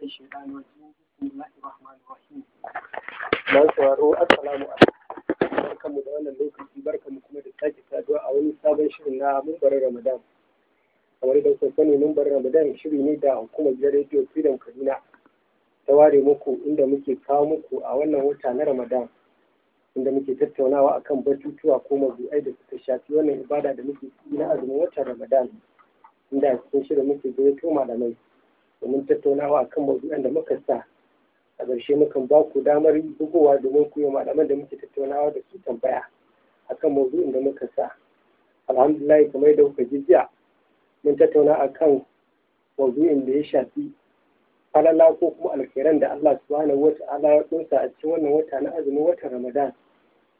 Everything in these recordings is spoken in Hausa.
من الشيطان الرجيم بسم الله الرحمن الرحيم ما سوارو السلام عليكم barkanmu da wannan lokaci mu kuma da sake saduwa a wani sabon shirin na mumbarin ramadan kamar da kuka sani ramadan shiri ne da hukumar gidan rediyo freedom kaduna ta ware muku inda muke kawo muku a wannan wata na ramadan inda muke tattaunawa akan batutuwa ko mazu'ai da suka shafi wannan ibada da muke yi na azumin watan ramadan inda cikin shirin muke gayyato malamai domin tattaunawa a kan maudu'an da muka sa a ƙarshe mukan ba ku damar bugowa domin ku yi malaman da muke tattaunawa da su tambaya a kan maudu'in da muka sa Alhamdulilayi kamar da kuka ji jiya mun tattauna a kan maudu'in da ya shafi falala ko kuma alkhairan da Allah subhanahu ta'ala ya kunsa a cikin wannan wata na azumin watan Ramadan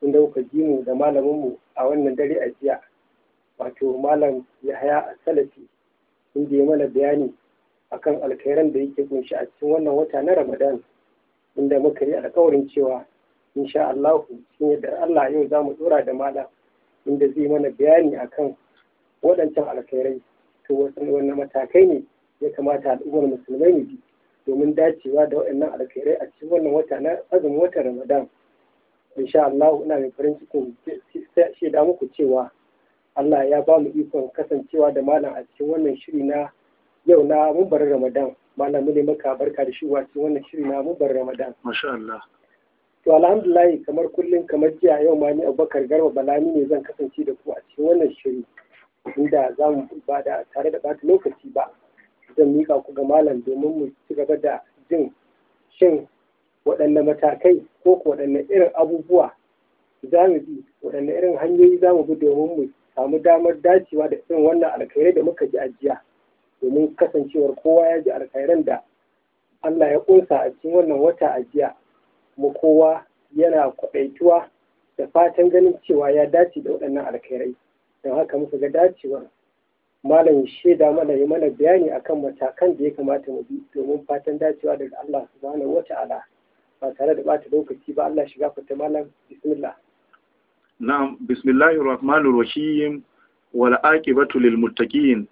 da kuka ji mu da malamin mu a wannan dare a jiya wato malam Yahaya Salafi inda ya mana bayani akan alkhairan da yake kunshi a cikin wannan wata na Ramadan inda muka yi alƙawarin cewa insha Allah cikin yadda Allah yau za mu dora da mala inda zai mana bayani akan waɗancan alkhairai to wasu matakai ne ya kamata al'ummar musulmai ne domin dacewa da waɗannan alkhairai a cikin wannan wata na azumin watan Ramadan insha Allah ina mai farin cikin shaida muku cewa Allah ya ba mu ikon kasancewa da malam a cikin wannan shiri na yau na mumbar ramadan malam ne maka barka da shi cikin wannan shirin na mumbar ramadan masha Allah to alhamdulillah kamar kullun kamar jiya yau ma ni abubakar garba balami ne zan kasance da ku a cikin wannan shiri inda za mu ba da tare da bata lokaci ba zan miƙa ku ga malam domin mu ci gaba da jin shin waɗanne matakai ko waɗanne irin abubuwa za mu bi waɗanne irin hanyoyi za mu bi domin mu samu damar dacewa da irin wannan alkhairai da muka ji a jiya domin kasancewar kowa ya ji alkhairan da Allah ya ƙunsa a cikin wannan wata ajiya mu kowa yana kwaɗaituwa da fatan ganin cewa ya dace da waɗannan alkhairai don haka muka ga dacewar malam shaida mana ya mana bayani akan matakan da ya kamata mu bi domin fatan dacewa daga Allah subhanahu wata'ala ba tare da bata lokaci ba Allah shiga fata malam bismillah na'am bismillahir rahmanir rahim wal aqibatu lil muttaqin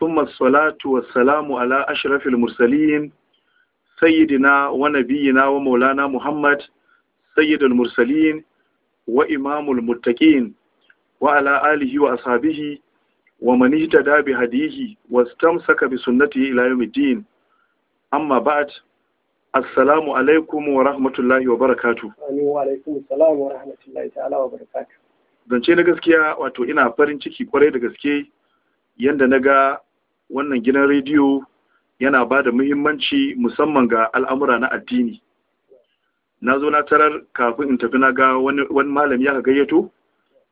ثم الصلاة والسلام على أشرف المرسلين سيدنا ونبينا ومولانا محمد سيد المرسلين وإمام المتقين وعلى آله وأصحابه ومن اهتدى بهديه واستمسك بسنته إلى يوم الدين أما بعد السلام عليكم ورحمة الله وبركاته وعليكم السلام ورحمة الله تعالى وبركاته zance na gaskiya wato ina farin ciki kwarai da gaske yadda na ga wannan gidan rediyo yana ba da muhimmanci musamman ga al'amura na addini na zo na tarar kafin in tafi na ga wani malami ya gayyato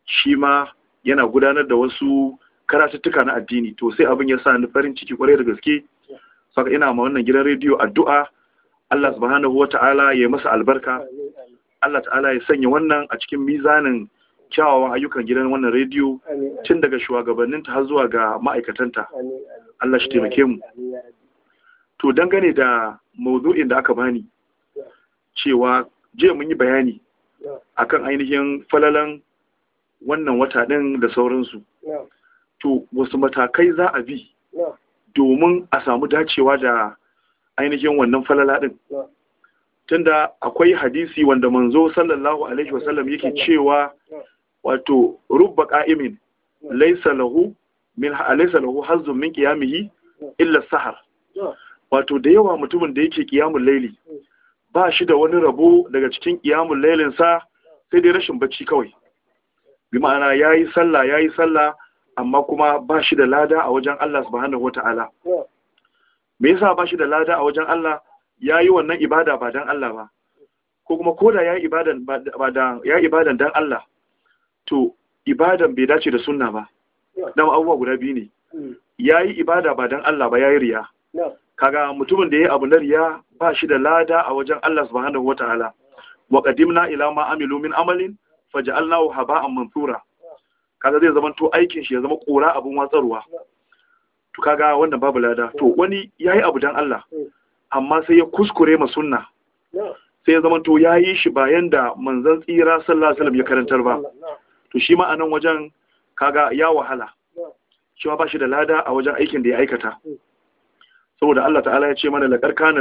shi ma yana gudanar da wasu karatuttuka na addini to sai abin ya sa ni farin ciki kwarai da gaske saka ina ma wannan gidan rediyo addu'a Allah subhanahu ta'ala ya yi masa albarka Allah ta'ala ya sanya wannan a cikin mizanin kyawawan ayyukan gidan wannan rediyo tun daga shugabanninta har zuwa ga ma'aikatanta Allah shi taimake mu to dangane da mawdu'in da aka bani cewa je mun yi bayani akan ainihin falalan wannan wata din da sauransu to wasu matakai za a bi domin a samu dacewa da ainihin wannan falala ɗin tunda akwai hadisi wanda manzo sallallahu alaihi wasallam yake cewa wato rubba qa'imin laisa lahu min alaysa lahu hazzun min qiyamihi illa sahar wato da yawa mutumin da yake qiyamul layli ba shi da wani rabo daga cikin qiyamul laylin sa sai dai rashin bacci kawai bi ma'ana yayi sallah yayi sallah amma kuma ba shi da lada a wajen Allah subhanahu wata'ala me yasa ba shi da lada a wajen Allah yayi wannan ibada ba dan Allah ba ko kuma koda yayi ibadan ba dan yayi ibadan dan Allah to ibadan bai dace da sunna ba dama abubuwa guda biyu ne hmm. ya yi ibada ba dan Allah ba ya yi riya kaga mutumin da ya yi abu na riya ba shi da lada a wajen Allah subhanahu wa ta'ala wa qadimna ila ma amilu min amalin faj'alnahu haba'an mansura kaga zai zama to aikin shi ya zama kora abun watsarwa to kaga wannan babu lada to hmm. wani ya yi abu dan Allah hmm. amma sai ya kuskure ma sunna sai ya zama to yayi shi bayan da manzon tsira sallallahu alaihi wasallam ya karantar ba to shi ma anan wajen kaga ya wahala cewa ba shi da lada a wajen aikin da ya aikata saboda Allah ta'ala ya ce mana laqad